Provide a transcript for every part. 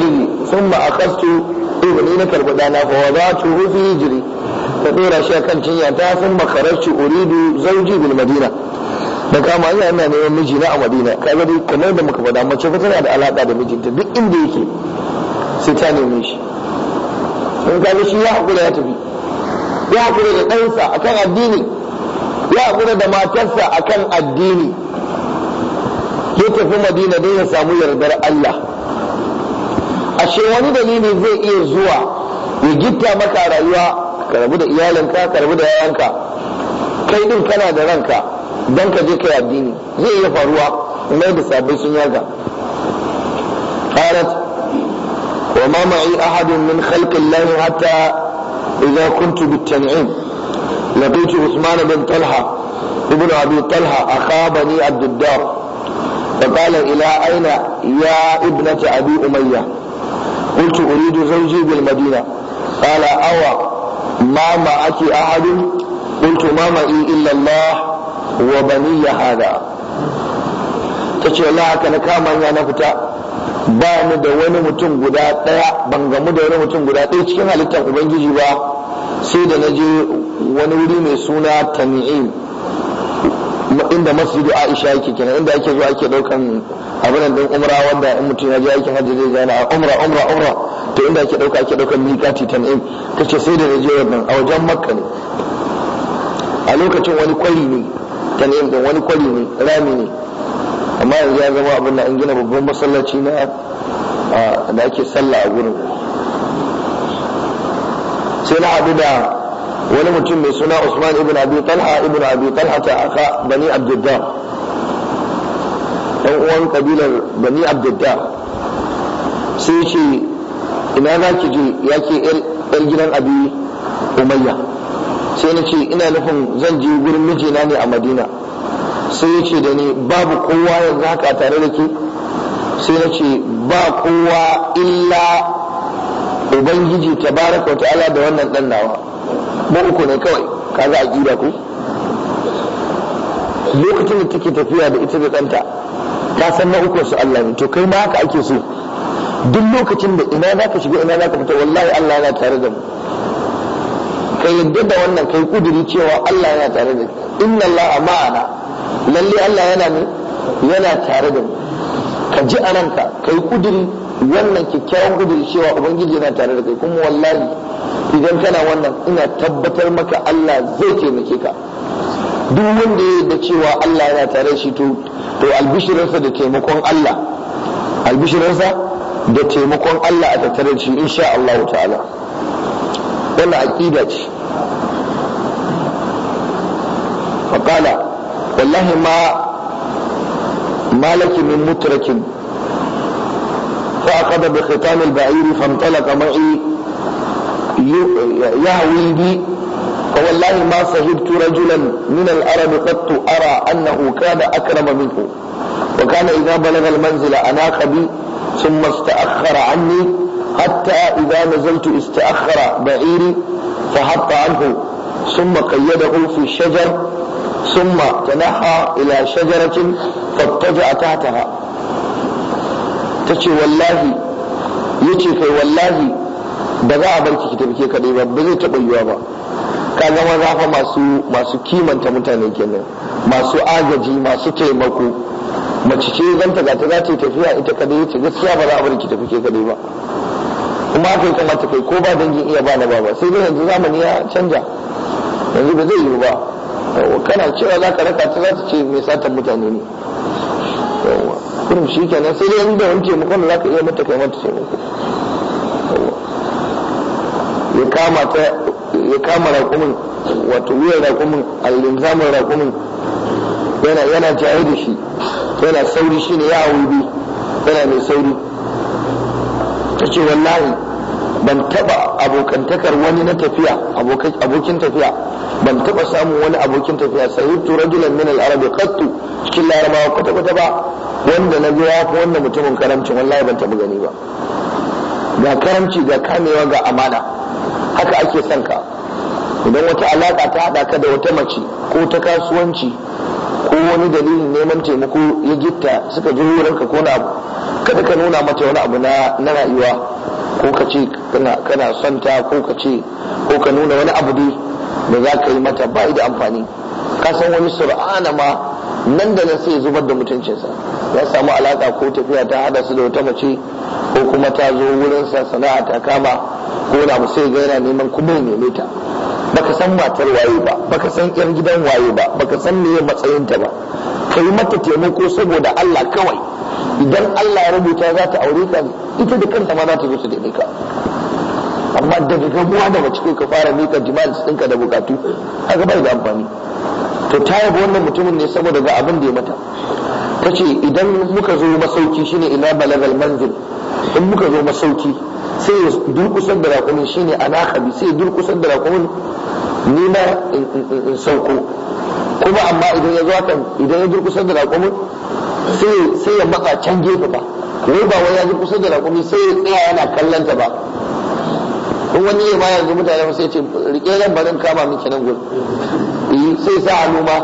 kirji sun ba ma akastu ibni na karbi dana fa wa za tu hufi hijiri ta dora shi kan cinya ta sun makararci uridu zauji bil madina da kama ina ina neman miji na a madina kaga dai kamar da muka faɗa mace fa tana da alaƙa da mijinta duk inda yake sai ta neme shi in kaga shi ya hakura ya tafi ya hakura da ɗansa akan addini ya hakura da matarsa akan addini ya tafi madina don ya samu yardar Allah ashe wani dalili zai iya zuwa ya gitta maka rayuwa ka rabu da iyalinka ka rabu da yayanka kai din kana da ranka dan ka je kai addini zai iya faruwa mai da sabai sun yaga qalat wa ma ma'i ahadun min khalqi llahi hatta idza kuntu bitan'im laqitu usman bin talha ابن ابي a اخا بني عبد الدار فقال الى اين يا ابنه ابي اميه قلت أريد زوجي بالمدينة قال أوى ما معك أحد قلت ما معي إلا الله وبني هذا تشي الله كان كاما يا نفتا ba ni da wani mutum guda ɗaya ban gamu da wani mutum guda ɗaya cikin halittar ubangiji ba sai da na je wani wuri mai suna tami'in inda masjidu aisha yake kenan inda ake zuwa ake daukan abin din umra wanda in mutum ya je yake hajji zai a umra umra umra to inda ake dauka ake daukan miƙati tan'im kace sai da je wannan a wajen makka ne a lokacin wani kwari ne tan'im din wani kwari ne rami ne amma yanzu ya zama abin da an gina babban masallaci na da ake sallah a gurin sai na haɗu da wani mutum mai suna Usman ibn Abi Talha ibn Abi Talha ta aka Bani ɗan uwan kabilar Bani Abdullah sai ce ina za ki je ke ɗan gidan Abi Umayya sai na ce ina nufin zan je gurin mijina ne a Madina sai ya ce da ni babu kowa yanzu haka tare da ke sai na ce ba kowa illa ubangiji baraka wata ala da wannan ɗan nawa mu uku ne kawai ka za a gida ku lokacin da take tafiya da ita da kanta, ta san na uku su Allah ne to kai ma haka ake so duk lokacin da ina za ka shiga ina za ka fita wallahi Allah yana tare da mu ka yadda da wannan kai kuduri cewa Allah yana tare da mu. inna Allah ma'ana lalle Allah yana ne yana tare da mu ka ji a ranka kai kuduri wannan kyakkyawan gudun cewa ubangiji yana tare da kai kuma wallahi idan kana wannan ina tabbatar maka Allah zai taimake ka duk wanda ya da cewa Allah yana tare shi to to albishirarsa da taimakon Allah albishirarsa da taimakon Allah a tattare shi insha Allah ta'ala wannan aqida ce faqala wallahi ma malaki min mutrakin فأخذ بختان البعير فانطلق معي يهوي بي فوالله ما صهبت رجلا من العرب قط أرى أنه كان أكرم منه وكان إذا بلغ المنزل أناق بي ثم استأخر عني حتى إذا نزلت استأخر بعيري فحط عنه ثم قيده في الشجر ثم تنحى إلى شجرة فاتجأ تحتها ta ce wallahi ya ce kai wallahi ba za a bar ki tafi kadai ba ba zai taɓa yiwa ba ka zama zafa masu masu kimanta mutane kenan masu agaji masu taimako mace ce zan ta gata za ta yi tafiya ita kadai ce gaskiya ba za a ki tafi ke kadai ba kuma haka ya kamata kai ko ba dangin iya ba na ba ba sai dai yanzu zamani ya canja yanzu ba zai yiwu ba kana cewa za ka raka ta za ta ce mai satan mutane ne yawwa shi da iya mata kai mata ya kama ta ya kama raƙumin wato yana da shi yana sauri shi ne yana mai sauri ta ce wallahi ban taba abokantakar wani na tafiya abokin tafiya ban taba samun wani abokin tafiya sahibtu rajulan min al-arab qattu cikin larabawa kwata kwata ba wanda na biya ya fi mutumin karamcin wallahi ban taba gani ba ga karamci ga kamewa ga amana haka ake son ka idan wata alaka ta hada ka da wata mace ko ta kasuwanci ko wani dalilin neman taimako ya gitta suka ji wurinka ko na abu kada ka nuna mata wani abu na rayuwa ko ka ce kana son ko ka ce ko ka nuna wani abu dai da za ka yi mata ba da amfani ka san wani sur'ana ma nan da nan sai zubar da mutuncinsa ya samu alaka ko tafiya ta hada su da wata mace ko kuma ta zo wurin sa sana'a ta kama ko na mu sai ga yana neman kuma ya neme ta baka san matar waye ba baka san yar gidan waye ba baka san meye matsayinta ba kai mata taimako saboda Allah kawai idan Allah ya rubuta za ta aure ka ita da kanta ma za ta zo su daidai ka amma daga gabuwa da mace ka fara mika su ɗinka da bukatu haka bai da amfani to ta yaba wannan mutumin ne saboda ga abin da ya mata ta ce idan muka zo masauki shine ina balagal manzil in muka zo masauki sai ya durkusar da rakumin shine a nakabi sai ya durkusar da rakumin ni in sauko kuma amma idan ya zo hakan idan ya durkusar da rakumin sai ya matsa can gefe ba wai ba wai ya ji kusa da rakumi sai ya tsaya yana kallon ta ba in wani ya ma yanzu mutane sai ce rike nan barin kama miki nan gudu eh, sai sa hannu ma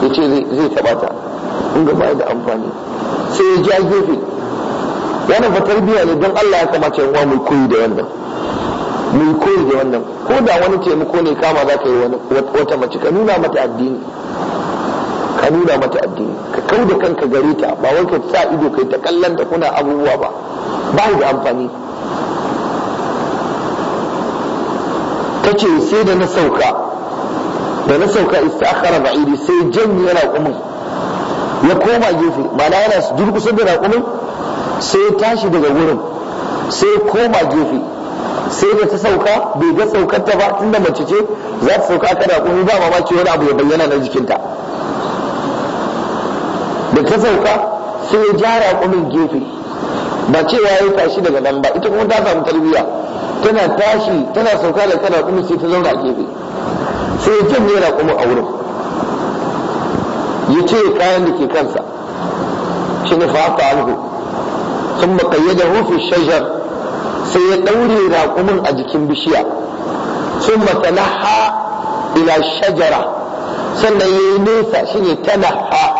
ya ce zai taba ta in ga da amfani sai ya ja gefe yana fa tarbiyya ne don Allah ya kamata yan wa mu koyi da wannan mu koyi da wannan ko da wani taimako ne kama za ka yi wata mace ka nuna mata addini ka nuna mata addini ka kau da kanka gare ta ba wai ka sa ido kai ta kallon ta kuna abubuwa ba ba da amfani ta ce sai da na sauka da na sauka istakhara ba'iri sai janyi yana kumin ya koma gefe na yana su durkusa da raƙumin sai ya tashi daga wurin sai ya koma gefe sai da ta sauka bai ga saukarta ba tunda mace ce za ta sauka kada kuma ba mamaki wani abu ya bayyana na jikinta da ta sauka sai ya ja kunin gefe ba cewa ya tashi daga nan ba ita kuma ta samu tarbiyya tana tashi tana sauka da tana kuma sai ta zauna a gefe sai ya yana kuma a wurin ya ce kayan da ke kansa shi ne fa'afa alhu sun da hufi shajar sai ya ɗaure raƙumin a jikin bishiya sun matalaha ila shajara sannan ya yi nesa shi ne ha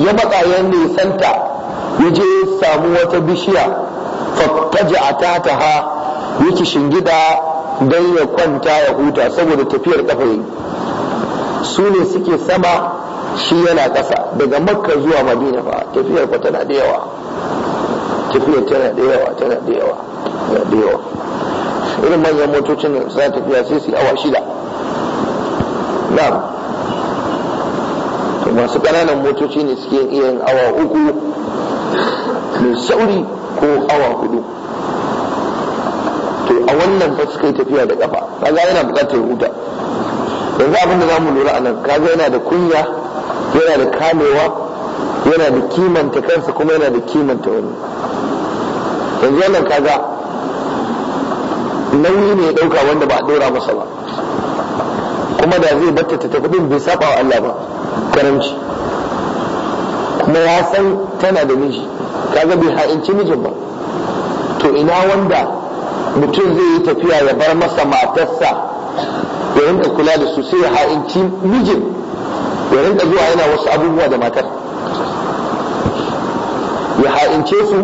ya baka ya nisanta ya je samu wata bishiya fattaja a tataha yake shingida don ya kwanta ya huta saboda tafiyar kafa yi su ne suke sama shi yana ƙasa daga makka zuwa madina fa tafiyar fa tana da yawa tafiyar tana da yawa tana da yawa tana da yawa irin manyan motocin da suna tafiya sai su yi awa shida na'am masu ƙananan motoci ne suke iya yin awa uku da sauri ko awa hudu to a wannan fa suka yi tafiya da ƙafa kaga yana buƙatar huta yanzu abin da za mu lura a nan kaga yana da kunya yana da kamewa yana da kimanta kansa kuma yana da kimanta wani yanzu wannan kaga nauyi ne ya ɗauka wanda ba a ɗora masa ba kuma da zai bata ta tafi bai saba wa Allah ba karamci kuma ya san tana da miji kaga bai ha'inci mijin ba to ina wanda mutum zai yi tafiya ya bar masa matarsa ya rinka kula da su sai ya ha'inci mijin ya rinka zuwa yana wasu abubuwa da matar ya ha'ince su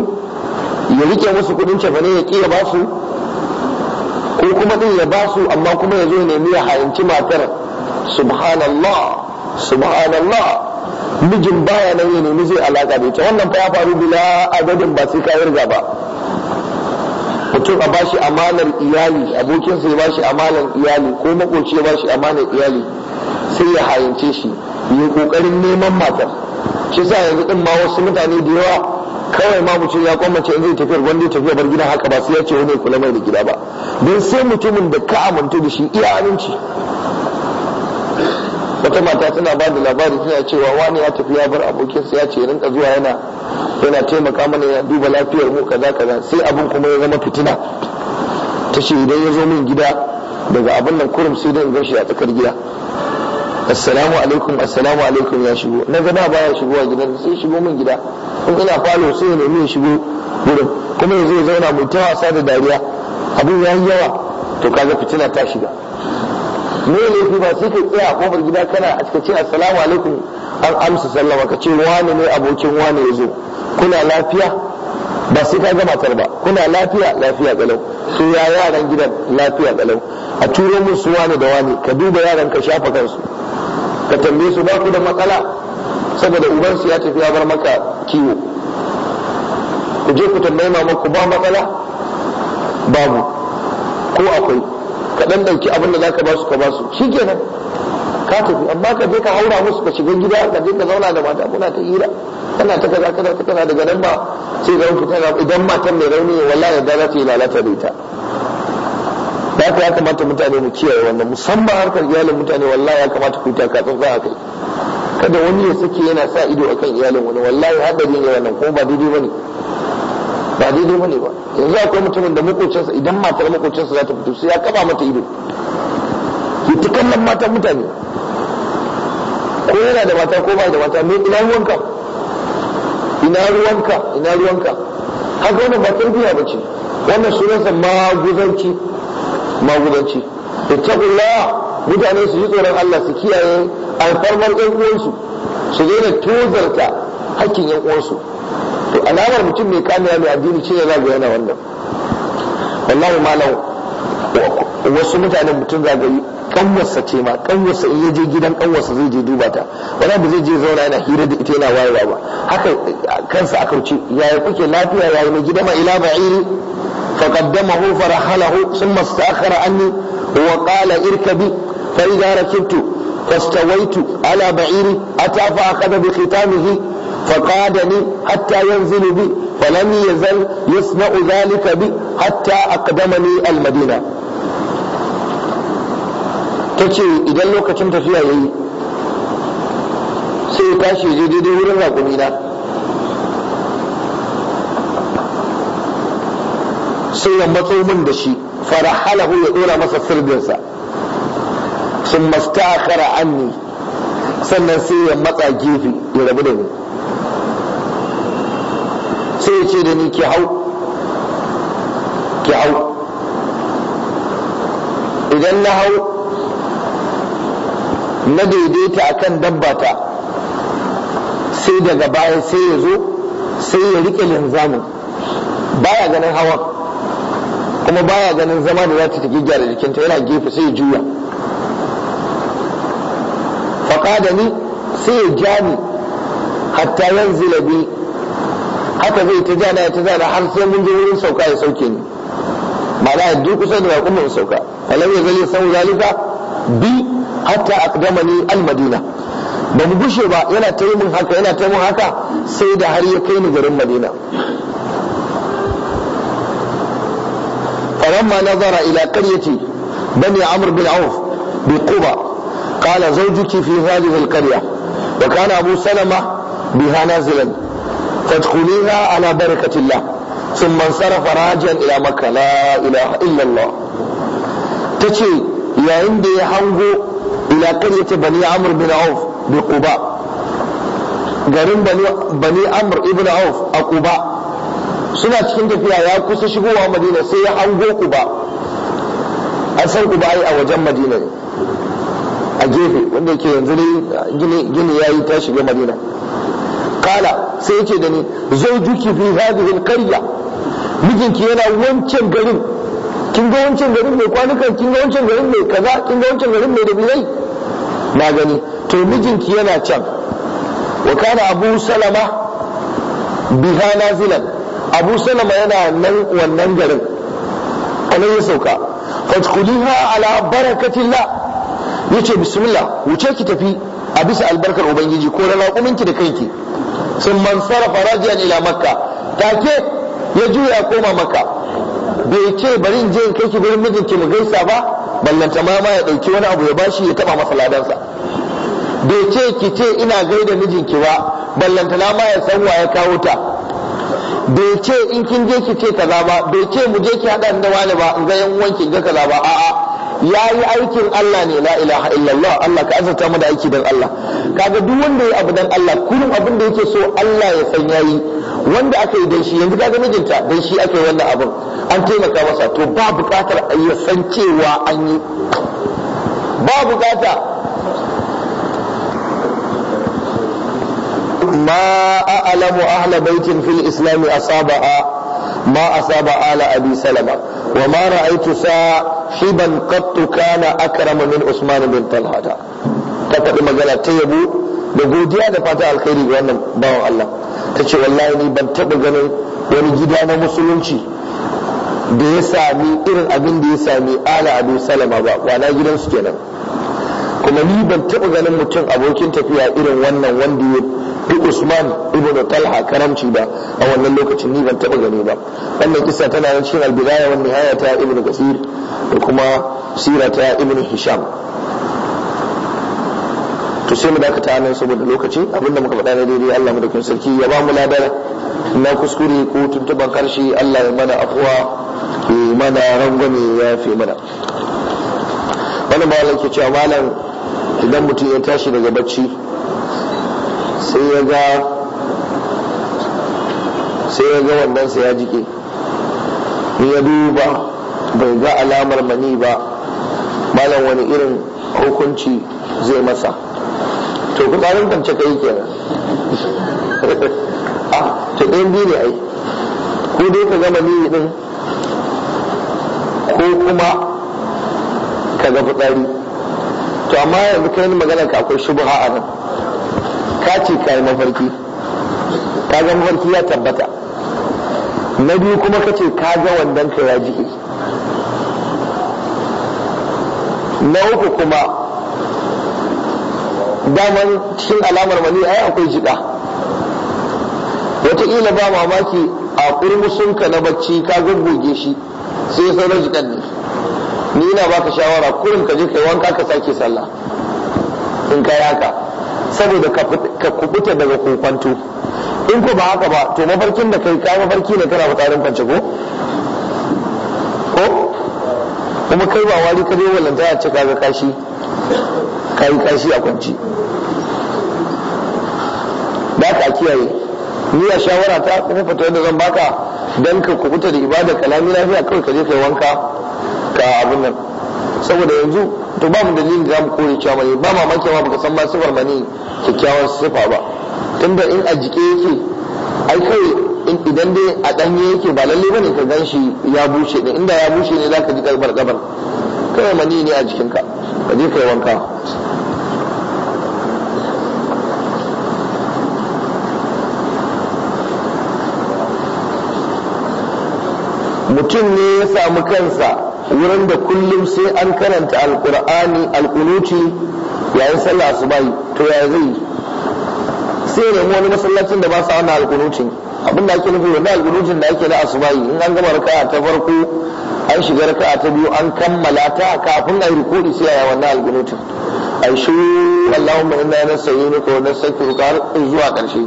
ya rike musu kudin cefane ya ƙi ya ba su ko kuma din ya basu amma kuma ya zo ya ya hayanci matar subhanallah subhanallah mijin baya nan ya nemi zai alaka da ita wannan fa ya faru bila adadin ba sai ka yarda ba mutum a bashi amanar iyali abokinsa ya bashi amalan iyali ko makoci ya bashi amalan iyali sai ya hayance shi yi kokarin neman matar shi sa yanzu din ma wasu mutane da yawa kawai ma mutum ya kwamace in zai tafiyar wanda ya tafiya bar gida haka ba sai ya ce wani kula mai da gida ba don sai mutumin da ka amintu da shi iya aminci wata mata tana ba da labari tana cewa wani ya tafi ya bar abokinsa ya ce rinka zuwa yana yana taimaka mana ya duba lafiyar mu kaza kaza sai abin kuma ya zama fitina ta ce idan ya zo min gida daga abin nan kurum sai dai in gashi a tsakar gida assalamu alaikum assalamu alaikum ya shigo na gada baya shigo a gidan sai shigo min gida in ina falo sai ya nemi ya shigo gurin kuma yanzu ya zauna mu ta wasa da dariya abin ya yi yawa to kaga fitina ta shiga me ku ba sai ka tsaya a kofar gida kana a cikin ce assalamu alaikum an amsa sallama ka ce wani ne abokin wani ya zo kuna lafiya ba sai ka ga matar ba kuna lafiya lafiya galau su ya yaran gidan lafiya galau a turo musu wani da wani ka duba yaran ka shafa kansu ka tambaye su ba ku da matsala saboda ubansu ya tafi ya bar maka kiwo ku je ku tambaye ku ba matsala babu ko akwai ka dan dauki abin da zaka ba su ka ba su shikenan ka tafi amma ka je ka haura musu ka shiga gida ka je ka zauna da mata kuna ta hira kana ta kaza kana daga nan ba sai ga fita idan matan mai rauni wallahi da za ta yi lalata da ita da ya kamata mutane mu kiyaye wannan musamman harkar iyalin mutane wallahi ya kamata ku ta katsan za a kai kada wani ya sake yana sa ido akan iyalin wani wallahi hadari ne wannan ko ba daidai bane ba daidai bane ba yanzu akwai mutumin da makocinsa idan matar makocinsa za ta fito sai ya kaba mata ido ki ta kallon matan mutane ko yana da mata ko ba da mata me ina ruwanka ina ruwanka ina ruwanka haka wannan ba tarbiya bace wannan sunansa maguzanci magudanci ittaqullah mutane su yi tsoron Allah su kiyaye alfarmar ɗan uwansu su daina tozarta hakkin ɗan uwansu to alamar mutum mai ya mai addini ce ya zagaya yana wannan wallahi malam wasu mutanen mutum zagayi kanwarsa ce ma kanwarsa in ya je gidan kanwarsa zai je duba ta wala ba zai je zauna yana hira da ita yana wayewa ba haka kansa aka ya yaya kuke lafiya yaya mai gida ma ila ba'iri فقدمه فرحله ثم استأخر عني وقال اركبي فإذا ركبت فاستويت على بعيري أتى فأخذ بختامه فقادني حتى ينزل بي فلم يزل يصنع ذلك بي حتى أقدمني المدينة ta ce idan lokacin tafiya ya yi sai ya tashi je daidai wurin raƙumi na sai ya matso min da shi fara farahalahu ya ɗora masa firginsa sun mastakara anni sannan sai ya matsa gefe ya rabu da ni sai ya ce da ni ki hau ki hau idan na hau na daidaita a kan dabbata sai daga baya sai ya zo sai ya rike linzamin baya ganin hawan kuma baya ganin zama da za ta tafi gyara jikinta yana gefe sai ya juya faƙada ni sai ya ja ni hatta yanzu zilabi haka zai ta jana ya ta jana har sai mun je wurin sauka ya sauke ni za a duk kusa da kuma sauka falam ya zali sau zalika bi hatta aqdamani al-madina ba mu gushe ba yana ta yi mun haka yana ta mun haka sai da har ya kai ni garin madina فلما نظر إلى قرية بني عمرو بن عوف بقبى قال زوجك في هذه القرية وكان أبو سلمة بها نازلا فادخليها على بركة الله ثم انصرف راجعا إلى مكة لا إله إلا الله تشي يا عندي حنقو ila qaryati bani amr bin auf bi quba garin bani amr ibn auf a quba suna cikin tafiya ya kusa shigowa madina sai ya hango quba an san quba ai a wajen madina ne a gefe wanda yake yanzu dai gini ya yi ta shiga madina kala sai yake da ni duki fi hadhihi karya, mijinki yana wancan garin kin ga wancan garin mai kwanukan kin ga wancan garin mai kaza kin ga wancan garin mai dabilai na gani to mijinki yana can wa kana abu salama biha nazilan abu salama yana nan wannan garin anan ya sauka fadkhuliha ala barakatillah yace bismillah wuce ki tafi a bisa albarkar ubangiji ko da raƙuminki da kanki sun man sarrafa rajiyan ila makka take ya juya koma makka bai ce bari in je in kai ki gurin mijinki mu gaisa ba ballanta ma ma ya dauki wani abu ya bashi ya taba masa ladansa bai ce ki ce ina gaida mijinki ba ballanta na ma ya san wa ya kawo ta bai ce in kin je ki ce kaza ba bai ce mu je ki hada da wani ba in ga yan uwanki ga kaza ba a'a ya yi aikin Allah ne la ilaha illallah Allah ka azurta mu da aiki don Allah kaga duk wanda ya abu don Allah kullum abin da yake so Allah ya san yayi wanda aka yi dan yanzu ga mijinta dan shi ake wannan abin an taimaka masa to ba bukatar ya san cewa an yi ba bukata ma a'lamu ahla baitin fil islami asaba ما أصاب آل أبي سلمة وما رأيت صاحبا قط كان أكرم من عثمان بن طلحة تقدم مجالة تيبو da godiya da fata alkhairi ga wannan bawan Allah ta ce wallahi ni ban taɓa ganin wani gida na musulunci da ya sami irin abin da ya sami ala abu salama ba wana gidansu kenan kuma ni ban taɓa ganin mutum abokin tafiya irin wannan wanda ya fi usman ibn talha karamci ba a wannan lokacin ni ban taɓa gani ba wannan kisa tana nan cikin albidaya wa nihaya ibn kasir da kuma sirata ta ibn hisham to sai mu dakata nan saboda lokaci abinda muka faɗa na daidai Allah madaukakin sarki ya ba mu ladar na kuskure ko tuntuban karshe Allah ya mana afuwa ya mana rangwame ya fi mana wani malam ke cewa malam idan mutum ya tashi daga bacci sai ya ga sai ya ga wannan sa ya jike in ya duba bai ga alamar mani ba malam wani irin hukunci zai masa to fitsarin kwance ka ke kenan a ah, to ɗayan biyu ne ai ko dai ka gama ni din, ko kuma ka ga fitsari to amma yanzu kai ni magana ka akwai shubha a nan ka ce ka yi mafarki ka ga mafarki ya tabbata na biyu kuma ka ce ka ga wandon ka ya ji. na uku kuma daman cikin alamar mani ai akwai jiƙa wataƙila ba mamaki a ƙurmusunka na bacci ka gugguge shi sai sauran jiɗan ne ni ba baka shawara kurin ka je kai wanka ka sake sallah in ka yaka saboda ka kubuta daga kokwanto in ko ba haka ba to mafarkin da kai ka mafarki ne kana fitarin kwance ko ko kuma kai ba wari ka je wallanta ya cika kaga kashi ka yi kashi a kwanci ba ka kiyaye ni a shawara ta kuma fita da zan baka dan ka kubuta da ibada kalami lafiya kawai ka je kai wanka ka abin nan saboda yanzu to ba mu dalilin da mu kore cewa mai ba mamaki ma ka san ba sifar mani kyakkyawar sifa ba tunda in a jike yake ai kai idan dai a danye yake ba lalle bane ka gan shi ya bushe din inda ya bushe ne zaka ji kalbar gabar kai mani ne a jikinka ka je kai wanka mutum ne ya samu kansa wurin da kullum sai an karanta alkur'ani alkunuti yayin sallah bai to ya zai sai ne wani masallacin da ba sa wannan alkunutin abin da ake nufi wanda alkunutin da ake na asubai in an gama kaya ta farko an shiga raka ta biyu an kammala ta kafin a yi rukuri sai a yi mai na ai shi Allahumma inna na wa ruka har zuwa karshe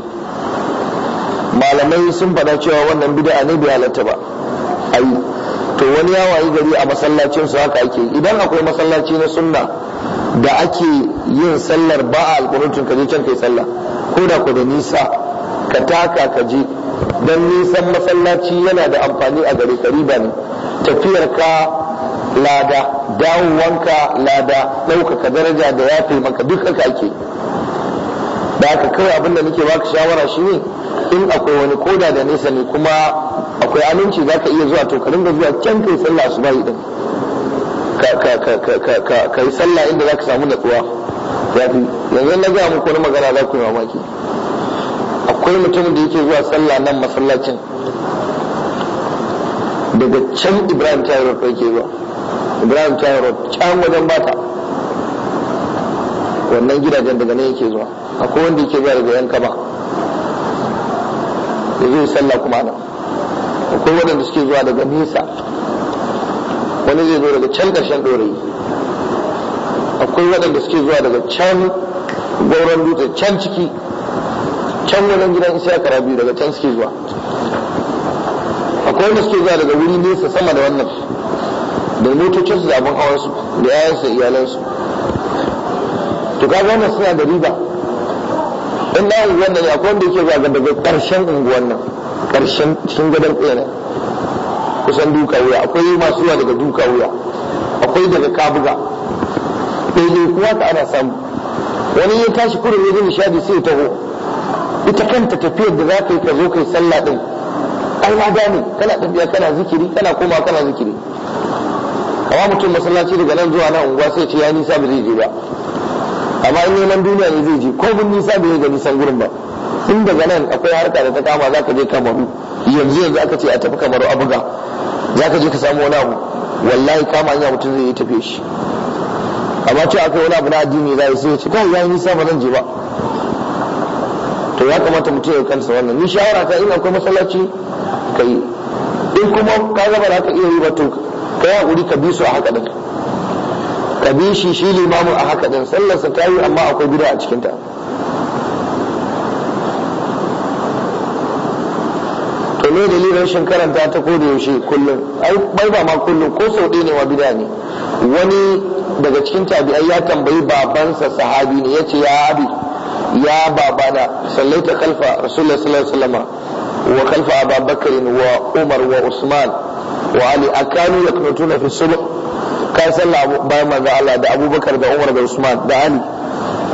malamai sun faɗa cewa wannan bid'a ne bai halatta ba A yi, to wani ya wayi gari a masallacin su haka ake idan akwai masallaci na sunna da ake yin sallar ba a alkunutun ka je can kai salla, ko da ku da nisa ka taka ka je don nisan masallaci yana da amfani a gare tafiyar tafiyarka lada dawowanka lada ɗaukaka daraja da ya maka duk haka ake da aka kawai abin da nake baka shawara shi ne in akwai wani koda da nesa ne kuma akwai aminci za ka iya zuwa to ka dinga zuwa can kai sallah su bai din ka yi sallah inda za ka samu natsuwa yanzu na gaya muku wani magana za ku yi mamaki akwai mutumin da yake zuwa sallah nan masallacin daga can ibrahim tayar rufe yake zuwa ibrahim rufe can wajen bata wannan gidajen daga nan yake zuwa akwai wanda yake zuwa daga yanka ba da zai sallah kuma nan akwai waɗanda suke zuwa daga nesa wani zai zo daga can ƙarshen ɗorayi akwai waɗanda suke zuwa daga can gauran dutse can ciki can wajen gidan isa kara biyu daga can suke zuwa akwai wanda suke zuwa daga wuri nesa sama da wannan da motocin su da abin hawan su da yayan su iyalan su to kaga wannan suna da riba in na unguwan nan akwai wanda yake zuwa daga karshen unguwan nan karshen cikin gadon tsere kusan duka wuya akwai masu zuwa daga duka wuya akwai daga kabuga ɗaiɗai kuwa ka ana samu wani ya tashi kudin wajen ji nishadi sai ya taho ita kanta tafiyar da za ka yi ka zo kai sallah din ai na gane kana tafiya kana zikiri kana koma kana zikiri amma mutum masallaci daga nan zuwa nan unguwa sai ce ya nisa ba zai je ba amma in neman duniya ne zai je ko bin nisa ba zai ga nisan gurin ba tun daga nan akwai harka da ta kama za ka je kamaru yanzu yanzu aka ce a tafi kamaru a buga za ka je ka samu wani abu wallahi kama hanya mutum zai yi tafiye shi amma cewa akwai wani abu na addini za ya sai ya ce kai ya yi nisa ba zan je ba to ya kamata mutum ya kansa wannan ni shawara ta ina akwai masallaci ka in kuma ka zama za ka iya yi ba to ka yi hakuri ka bi su a haka din ka bi shi shi limamin a haka din sallarsa ta yi amma akwai gida a cikinta to ne dalilin rashin karanta ta ko da yaushe kullum ai bai ba ma kullum ko sau ɗaya ne ma bida ne wani daga cikin tabi'ai ya tambayi babansa sahabi ne ya ce ya abi ya babana Sallai ta rasulullah sallallahu sallar wasallam wa khalfa abubakar wa umar wa usman wa ali A akanu yaknutuna fi subh ka sallah bayan manzo Allah da abubakar da umar da usman da ali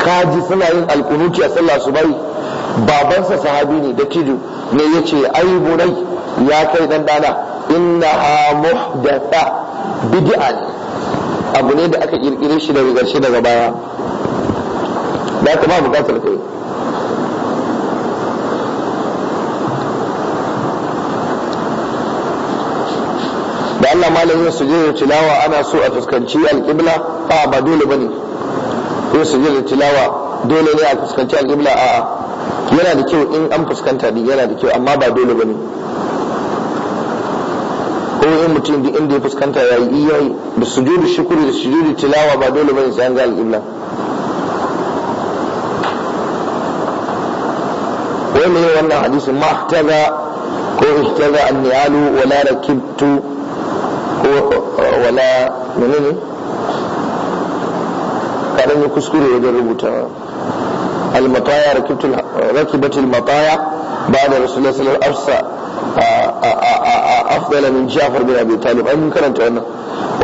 kaji suna yin alkunuci a sallah subai babansa sahabi ne da tijo ne ya ce ai bunai ya kai dan dana innaha muhdatha bid'a abu ne da aka kirkire shi daga garshe daga baya da ka ba bukatar kai da Allah malamin sujudar tilawa ana so a fuskanci alƙibla a ba dole bane ko da tilawa dole ne a fuskanci alƙibla a yana da kyau in an fuskanta din yana da kyau amma ba dole bane ko in mutum duk inda ya fuskanta yayi yi, da sujudu shukuri da da tilawa ba dole bane sai an ga alƙibla wai mai wannan hadisin ma za ko za an-ni'alu wala rakibtu ko wala menene karamin kuskure wajen rubuta المطايا ركبت ركبت المطايا بعد رسول الله صلى الله عليه وسلم a من جعفر بن أبي طالب أي karanta wannan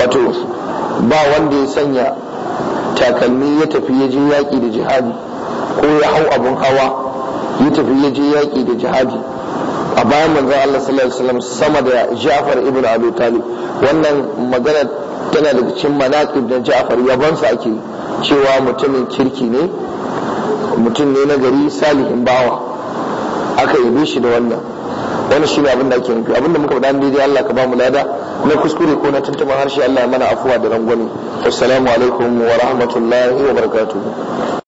wato ba wanda ya sanya takalmi ya tafi ya je yaƙi da jihadi ko ya hau abun hawa yi tafi ya je yaƙi da jihadi a bayan manzo Allah sallallahu alaihi wasallam sama da Ja'far ibn Abi Talib wannan magana tana daga cikin manaqib da Ja'far yabansa ake cewa mutumin kirki ne mutum ne na gari salihin bawa aka yabe shi da wannan wani shi ne abinda da ake nufi abinda da muka faɗa daidai Allah ka ba mu lada na kuskure ko na tuntuɓar harshe Allah ya mana afuwa da rangwani assalamu alaikum wa rahmatullahi wa barakatuhu